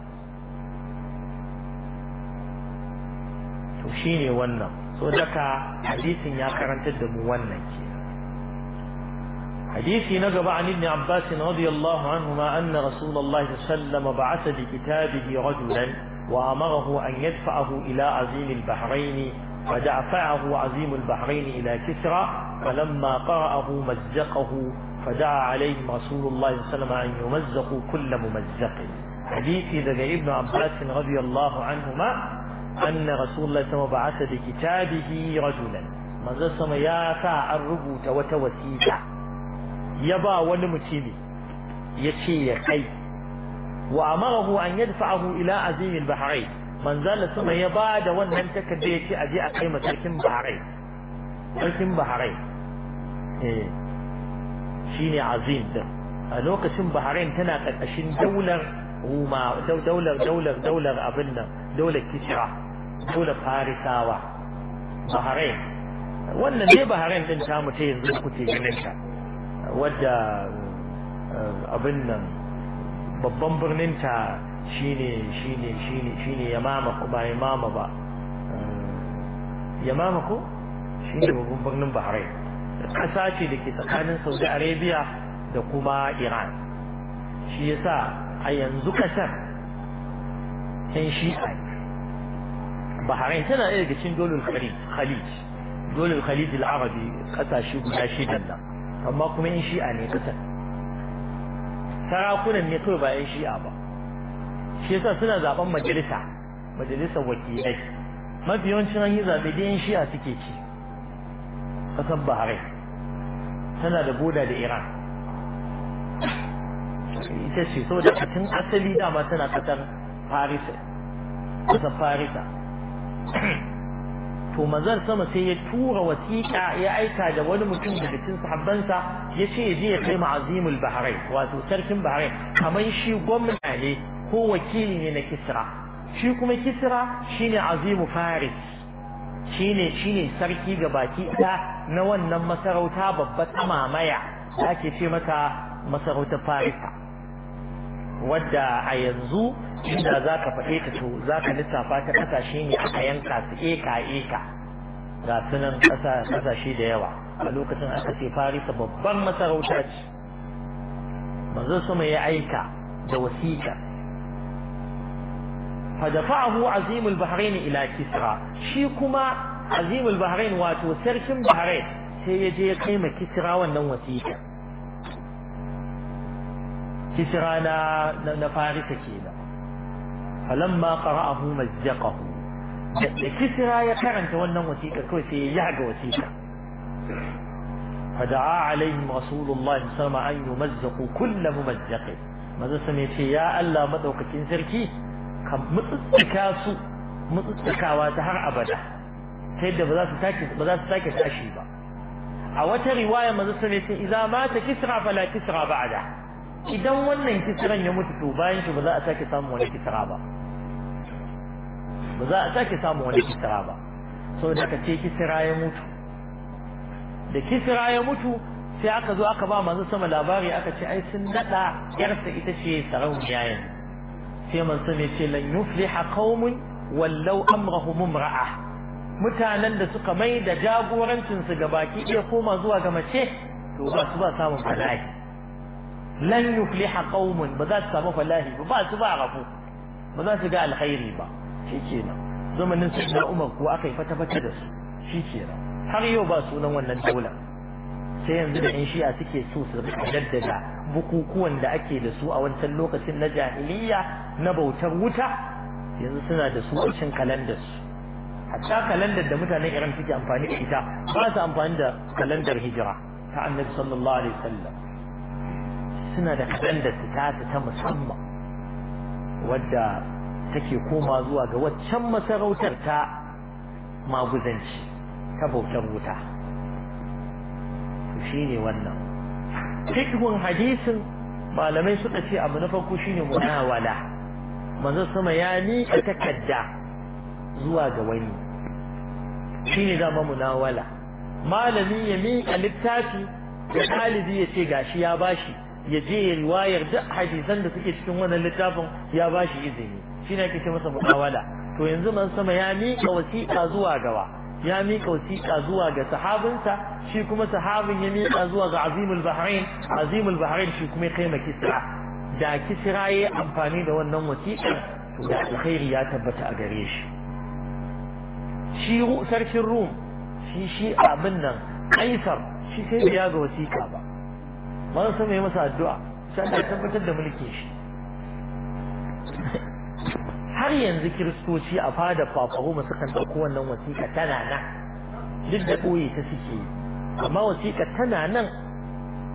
to shine wannan so daga hadisin ya karantar da mu wannan ke حديثي نجب عن ابن عباس رضي الله عنهما أن رسول الله صلى الله عليه وسلم بعث بكتابه رجلا وأمره أن يدفعه إلى عزيم البحرين فدفعه عزيم البحرين إلى كسرى فلما قرأه مزقه فدعا عليهم رسول الله صلى الله عليه وسلم أن يمزقوا كل ممزق حديث إذا ابن عباس رضي الله عنهما أن رسول الله صلى الله عليه وسلم بعث بكتابه رجلا ماذا سما يا سا الربو توت يبا ونمتيني يشي يكي وأمره أن يدفعه إلى عزيم البحرين من ذا سما يبا دا ونن تكديتي أجي أقيمة لكن بحرين لكن بحرين Eh, shine azim din a lokacin Bahrain tana karkashin daular Roma daular daular daular abin nan daular Kisra daular Farisawa Bahrain wannan ne Bahrain din ta mu ta yanzu kuke ganin ta wadda eh, abin nan babban birnin ta shine shine shine shine Yamama ko ba Yamama ba eh, Yamama ko shine babban birnin Bahrain ƙasa ce da ke tsakanin saudi arabia da kuma iran shi yasa a yanzu ƙasar ƴan shi'a bahrain tana ɗaya daga cikin dole khalid dole khalid al-arabi ƙasashe guda shida nan amma kuma ƴan shi'a ne ƙasar sarakunan ne kawai ba ƴan shi'a ba shi yasa suna zaben majalisa majalisar wakilai mafi yawancin an yi zaɓe da ƴan shi'a suke ci ƙasar bahrain tana da boda da Iran ita ce so da tun asali dama tana kasar farisa kasar farisa. to mazan sama sai ya tura wasiƙa ya aika da wani mutum daga cikin sahabbansa ya ce ya je ya kai ma'azimul Bahrain wato sarkin Bahrain kamar shi gwamna ne ko wakili ne na Kisra shi kuma Kisra shine azimu Faris shine shine sarki ga baki ɗaya na wannan masarauta babba ta mamaya ake ce mata masarautar farisa wadda a yanzu inda za ka faɗe ta to za ka lissafa ta ƙasashe ne aka yanka su eka eka ga sunan ƙasashe da yawa a lokacin aka ce farisa babban masarauta ce manzo sama ya aika da wasiƙar فدفعه عظيم البحرين إلى كسرى شي كما عظيم البحرين واتو سركن بحرين سيجي قيمة كسرى ونو وسيكا كسرى نفارس كينا فلما قرأه مزقه كسرى يقرن ونو وسيكا كوي سيجعق وسيكا فدعا عليهم رسول الله صلى الله عليه وسلم أن يمزقوا كل ممزق ماذا سميت يا ألا مدوكة سركي ka mutsuttuka su mutsuttakawa ta har abada ta yadda ba za su sake ba za su sake tashi ba a wata riwaya manzo sai ce idza mata kisra fala kisra ba'da idan wannan kisran ya mutu to bayan shi ba za a sake samu wani kisra ba ba za a sake samu wani kisra ba saboda ka ce kisra ya mutu da kisra ya mutu sai aka zo aka ba manzo sama labari aka ce ai sun nada yarsa ita ce sarauniya yanzu sai man sani ce lan yufliha qaumun wallau amrahum imra'a mutanen da suka mai da jagorancin su ga baki iya koma zuwa ga mace to ba su ba samun falahi lan yufliha qaumun ba za su samu falahi ba su ba rafu ba za su ga alkhairi ba shikenan zamanin sayyidina Umar kuwa aka yi fata fata da su shikenan har yau ba sunan wannan daular sai yanzu da in shi'a suke so su jaddada bukukuwan da ake da su a wancan lokacin na jahiliya na bautar wuta yanzu suna da su a cikin kalandar su hatta kalandar da mutanen Iran suke amfani da ita ba su amfani da kalandar hijira ta Annabi sallallahu alaihi wasallam suna da kalandar su ta ta musamman wadda take koma zuwa ga waccan masarautar ta maguzanci ta bautar wuta to ne wannan fikhun hadisin malamai suka ce abu na farko shine munawala manzo sama ya miƙa takadda zuwa ga wani shine zama munawala malami ya miƙa littafi da ɗalibi ya ce gashi ya bashi ya je riwayar duk hadisan da suke cikin wannan littafin ya bashi izini shine ake ce masa munawala to yanzu man sama ya miƙa wasiƙa zuwa gawa ya miƙa wasiƙa zuwa ga sahabinsa shi kuma sahabin ya miƙa zuwa ga azimul bahrain azimul bahrain shi kuma ya kai makisra da kisra ya amfani da wannan wasiƙar to da alkhairi ya tabbata a gare shi shi sarkin rum shi shi abin nan kaisar shi sai biya ga wasiƙa ba manzo sai mai masa addu'a sai da tabbatar da mulkin shi har yanzu kiristoci a fada fafahu masu kan ɗauko wannan wasiƙa tana nan duk da ɓoye ta suke amma wasiƙa tana nan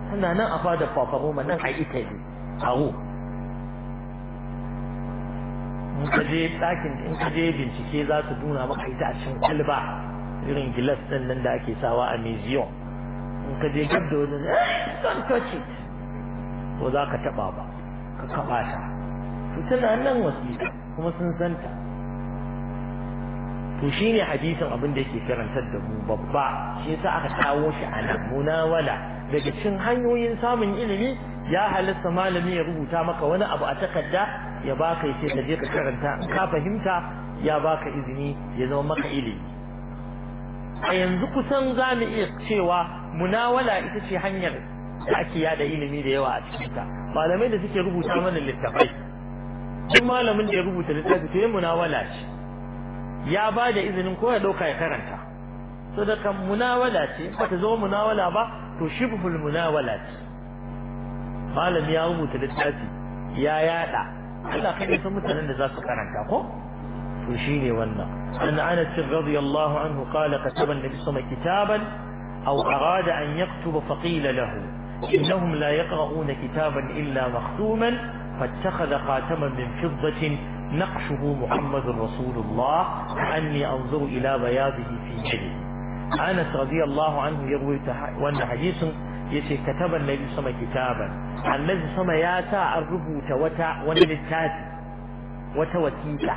tana nan a fada fafahu nan a italy tsaro in ka je ɗakin in ka je bincike za su nuna maka ita a cikin kwalba irin gilas ɗin nan da ake sawa a museum in ka je gab da wani eh, don touch it to za ka taɓa ba ka kaɓa ta to tana nan wasiƙa kuma sun santa to ne hadisin abin da yake karantar da mu babba shi yasa aka kawo shi a nan munawala daga cikin hanyoyin samun ilimi ya halitta malami ya rubuta maka wani abu a takarda ya baka yace ka je ka karanta in ka fahimta ya baka izini ya zama maka ilimi a yanzu kusan za mu iya cewa munawala ita ce hanyar da ake yada ilimi da yawa a cikinta malamai da suke rubuta mana littafai duk malamin da ya rubuta littafi to ya munawala ce ya ba da izinin ko ya ɗauka ya karanta so da kan munawala ce ba ta zama munawala ba to shibhul munawala ce malam ya rubuta littafi ya yada Allah kai san mutanen da za su karanta ko to shine wannan an anas radiyallahu anhu qala kataba nabi sama kitaban aw arada an yaktuba faqila lahu innahum la yaqra'una kitaban illa makhtuman fattakhadha qataman min fiddatin نقشه محمد رسول الله عني أنظر إلى بياضه في جلد أنس رضي الله عنه يروي وأن حديث yace kataban nabi sama kitaban annabi sama ya sa an rubuta wata wani littafi wata wasiqa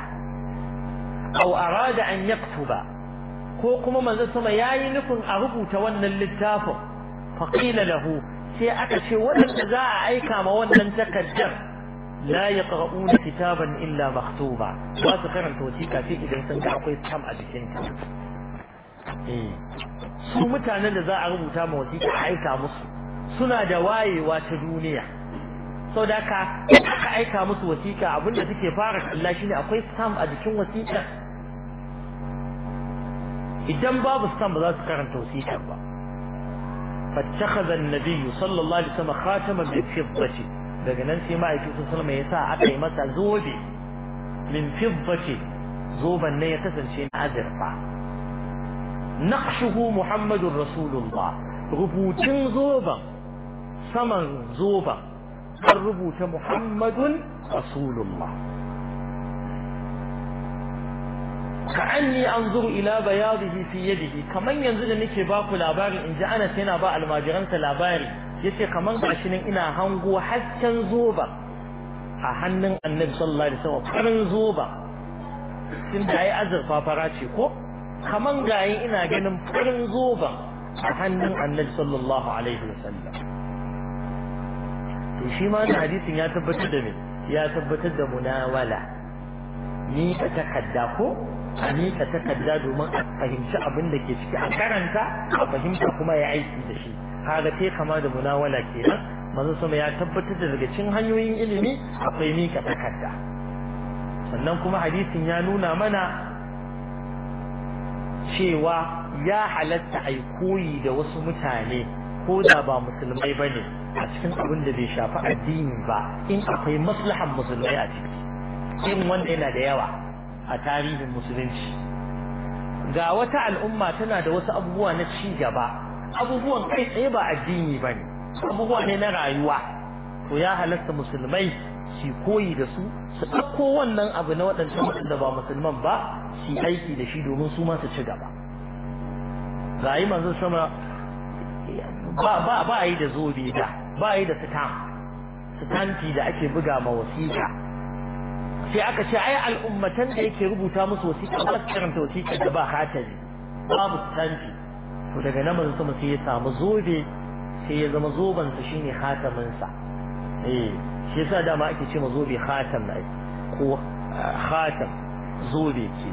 aw arada an yaktuba ko kuma manzo sama yayi nufin a rubuta wannan littafin fa qila lahu sai aka ce waɗanda za a aika ma wannan takaddar la yaqra'una kitaban illa maktuba wasu karanta wasiqa sai idan sun ga akwai tam a cikin ta eh su mutanen da za a rubuta ma wasiƙa a aika musu suna da wayewa ta duniya sau da ka aka aika musu wasiƙa abinda suke fara kalla shine akwai stamp a jikin wasiƙa idan babu stamp ba za su karanta wasiƙar ba فاتخذ النبي صلى الله عليه وسلم خاتما من فضة daga nan sai ma'aikin sun salma ya yasa aka yi masa zobe min fiddace zoben ne ya kasance na azurfa naqshuhu Muhammadu rasulullah rubutun zoban saman zoban an rubuta muhammadun rasulullah ka'anni anzuru ila bayadihi fi yadihi kaman yanzu da nake ba ku labarin in ji Anas yana ba almajiransa labari yace kaman gashi nan ina hango hasken zoba a hannun Annabi sallallahu alaihi wasallam farin zoba tun da yayi azurfa fara ce ko kaman gayi ina ganin farin zoban a hannun annabi sallallahu alaihi wasallam to shi ma da hadisin ya tabbatar da me ya tabbatar da munawala ni ka takadda ko a ni ka takadda domin a fahimci abin da ke ciki a karanta a fahimta kuma ya aiki da shi kaga sai kama da munawala kenan manzo sama ya tabbatar da daga cikin hanyoyin ilimi akwai mika takadda sannan kuma hadisin ya nuna mana cewa ya halatta a koyi da wasu mutane ko da ba musulmai ba ne a cikin abin da bai shafi addini ba in akwai maslahan musulmai a ciki in wanda yana da yawa a tarihin musulunci ga wata al'umma tana da wasu abubuwa na ci gaba abubuwan kai tsaye ba addini ba bane abubuwa ne na rayuwa to ya halatta musulmai su koyi da su su ɗauko wannan abu na waɗancan waɗanda ba musulman ba su aiki da shi domin su ma su ci gaba ga sama ba ba yi da zobe da ba yi da sitam sitanti da ake buga ma wasiƙa sai aka ce ai al'ummatan da yake rubuta musu wasiƙa ba su karanta wasiƙa da ba hatari babu sitanti. to daga nan manzo sama sai ya samu zobe sai ya zama zoben sa shine hatamin sa eh shi yasa dama ake ce ma zobe khatam na ko ah, khatam zobe ke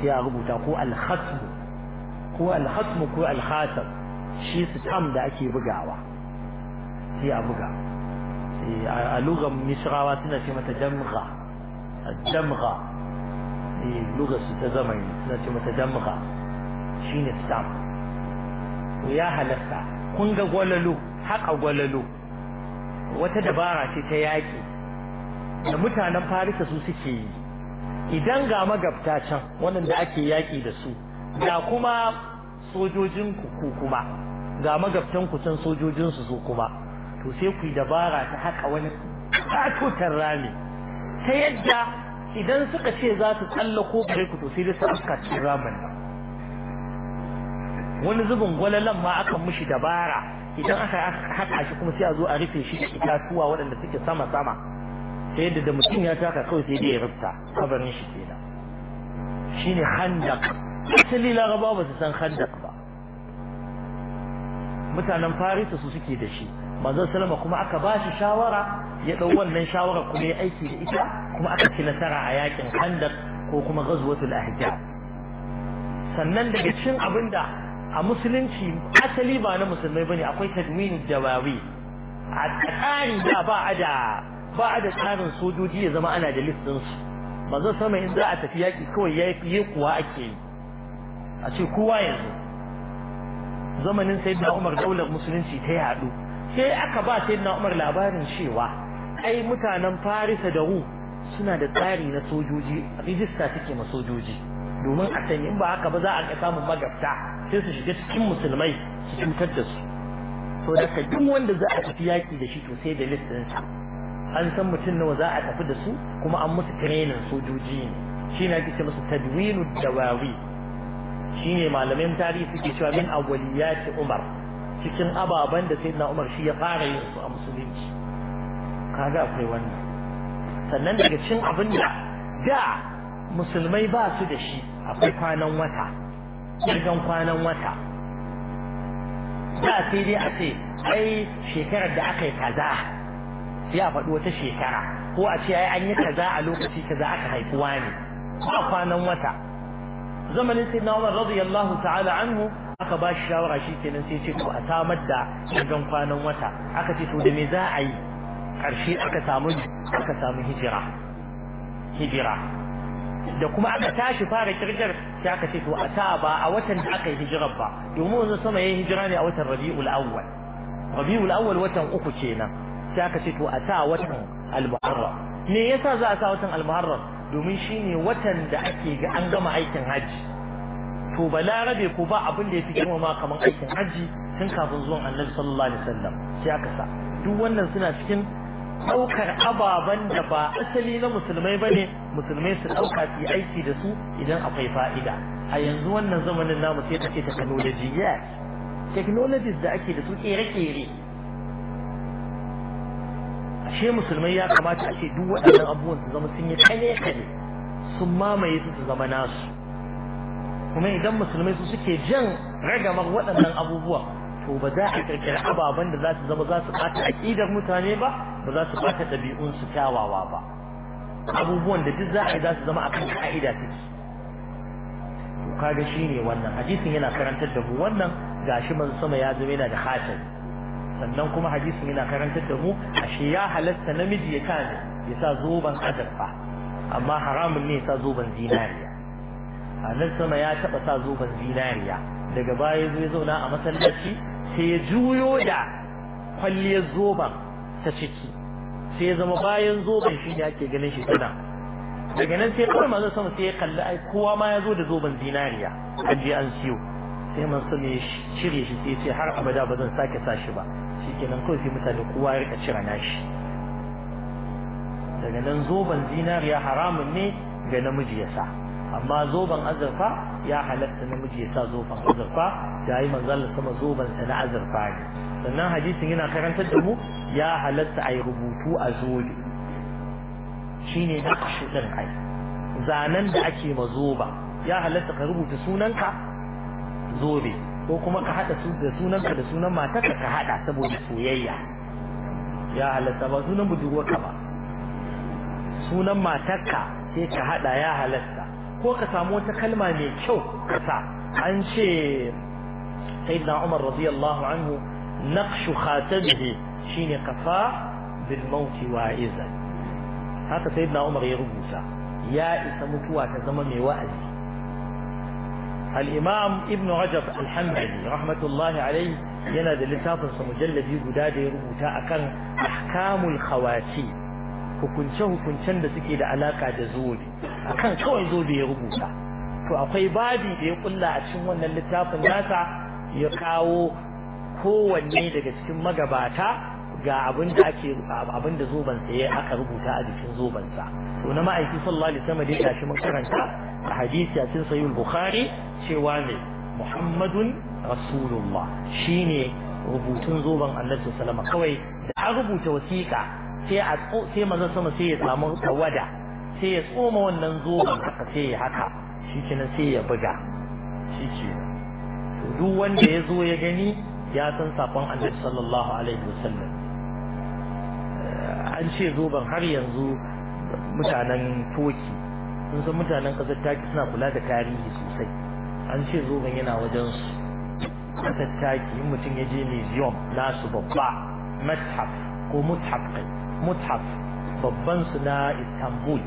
sai a rubuta ko alhatmu ko alhatmu ko alhatam shi su tam da ake bugawa sai a buga eh, a lugar misrawa suna ce mata damga damga eh, lugar su ta zamani suna ce mata damga shine stamp ya halatta kun ga gwalalo haka gwalalo wata dabara ce ta yaƙi da mutanen farisa su suke yi idan ga magabta can waɗanda ake yaƙi da su ga kuma sojojin ku kuma ga magabtan ku can sojojin su zo kuma to sai ku yi dabara ta haka wani katotar rami ta yadda idan suka ce za su tsallako gare ku to sai dai su aska cikin ramin wani zubin gwalalan ma akan mushi dabara idan aka haka shi kuma sai a zo a rufe shi da itatuwa waɗanda suke sama sama sai yadda da mutum ya taka kawai sai dai ya rufta kabarin shi kenan shine handak asali laraba ba su san handak ba mutanen farisa su suke da shi manzon salama kuma aka ba shi shawara ya ɗau wannan shawara kuma ya aiki da ita kuma aka ci nasara a yakin handak ko kuma ghazwatul ahzab sannan daga cikin abin da a musulunci asali ba na musulmai bane akwai tadwin jawabi a da ba a da ba a da tsarin sojoji ya zama ana da listin su manzon sama in za a tafi yaki kawai ya fiye kuwa ake yi a ce kowa yanzu zamanin da Umar daular musulunci ta yaɗu sai aka ba da Umar labarin cewa ai mutanen Farisa da hu suna da tsari na sojoji rijista suke ma sojoji domin a sanya in ba haka ba za a samun magabta sai su shiga cikin musulmai su cutar da su to daga duk wanda za a tafi yaki da shi to sai da list an san mutum nawa za a tafi da su kuma an musu training sojoji ne shi na ce musu tadwinu dawawi shine malamin tarihi suke cewa min awwaliyati umar cikin ababen da sayyidina umar shi ya fara yin su a musulunci kaga akwai wannan sannan daga cikin abin da da musulmai ba su da shi akwai kwanan wata kirgan kwanan wata Za sai dai a ce ai shekarar da aka yi kaza ya faɗi wata shekara ko a ce ai an yi kaza a lokaci kaza aka haifuwa ne ko a kwanan wata zamanin sai na umar radiyallahu ta'ala anhu aka ba shi shawara shi kenan sai ce ko a samar da kirgan kwanan wata aka ce to da me za a yi ƙarshe aka samu aka samu hijira hijira da kuma aka tashi fara kirkir sai aka ce to a ta ba a watan da aka yi hijirar ba domin wanzu sama yayin hijira ne a watan Rabiul Awwal Rabiul Awwal watan uku kenan sai aka ce to a sa watan Al-Muharram me yasa za a sa watan Al-Muharram domin shine watan da ake ga an gama aikin haji to balarabe ko ba abin da ya yafi girmama kamar aikin haji tun kafin zuwan Annabi sallallahu alaihi wasallam sai aka sa duk wannan suna cikin ɗaukar ababen da ba asali na musulmai ba ne musulmai su ɗauka su yi aiki da su idan akwai fa'ida a yanzu wannan zamanin namu sai take technology yes technologies da ake da su kere-kere ashe musulmai ya kamata a ce duk waɗannan abubuwan su zama sun yi kane-kane sun mamaye su su zama nasu kuma idan musulmai su suke jan ragamar waɗannan abubuwa to ba za a kirkiri ababen da za su zama za su ɓata aƙidar mutane ba ba za su ɓata ɗabi'un su kyawawa ba abubuwan da duk za a yi za su zama akan ka'ida take to kaga ne wannan hadisin yana karantar da mu wannan gashi manzo sama ya zama yana da hatari sannan kuma hadisin yana karantar da mu ashe ya halatta namiji ya kame ya sa zoben azurfa amma haramun ne ya sa zoben zinariya a nan sama ya taɓa sa zoben zinariya daga baya zai zauna a masallaci sai ya juyo da kwalliyar zoban ta ciki sai ya zama bayan zoban shi ne ake ganin shi tana daga nan sai kawai manzo sama sai ya kalli ai kowa ma ya zo da zoban zinariya an je an siyo sai manzo ne shirye shi sai ce har abada ba zan sake sa shi ba shikenan kawai sai mutane kowa ya rika cira nashi daga nan zoban zinariya haramun ne ga namiji ya sa amma zoben azurfa ya halatta namiji ya sa zoben azurfa yi manzon sama zoben sa na azurfa ne sannan hadisin yana karantar da mu ya halatta ai rubutu a zobe shine na shudin ai zanen da ake ma zoba ya halatta ka rubuta sunanka zobe ko kuma ka haɗa su da sunanka da sunan matarka ka haɗa saboda soyayya ya halatta ba sunan budurwarka ba sunan matarka sai ka haɗa ya halatta ko ka samu wata kalma mai kyau kasa an ce sayyidina Umar radiyallahu anhu naqshu khatabihi shine kafa bil maut wa iza haka sayyidina Umar ya rubuta ya isa mutuwa ta zama mai wa'azi al-imam ibn rajab al-hanbali rahmatullahi alayhi yana da littafin sa mujalladi guda da ya rubuta akan ahkamul khawati hukunce hukuncen da suke da alaka da zuwa akan kawai zobe ya rubuta to akwai babi da ya kulla a cikin wannan littafin nasa ya kawo kowanne daga cikin magabata ga abin da ake abin da ya aka rubuta a jikin zoben sa to na ma'aiki sallallahu alaihi wasallam da ya shi mun karanta a hadisi a cikin sahih bukhari cewa ne muhammadun rasulullah shine rubutun zoben annabi sallallahu alaihi wasallam kawai da an rubuta wasiƙa sai a sai manzon sama sai ya samu tawada sai ya tsoma wannan zoben haka sai ya haka shi kenan sai ya buga shi kenan to duk wanda ya zo ya gani ya san sakon annabi sallallahu alaihi wasallam eh, an ce zoben har yanzu mutanen toki sun san mutanen kasar taki suna kula da tarihi sosai an ce zoben yana wajen su kasar taki in mutum ya je museum nasu babba muthaf ko muthaf kai babban su na istanbul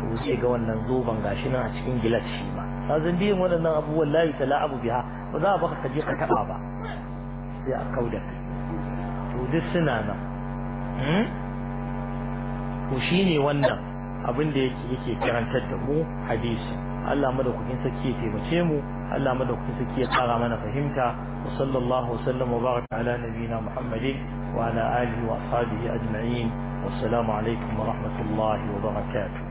to zai ga wannan zoben gashi nan a cikin gilas shi ma kazan biyan waɗannan abubuwan layi ta la'abu biha ba za a baka ka je ka taɓa ba sai a kauda to duk suna nan hmm? to ne wannan abin da yake yake karantar da mu hadisi Allah madaukakin sarki ya taimake mu Allah madaukakin sarki ya kara mana fahimta wa sallallahu sallam wa baraka ala nabiyina Muhammadin wa ala alihi wa ashabihi ajma'in wassalamu alaikum wa rahmatullahi wa barakatuh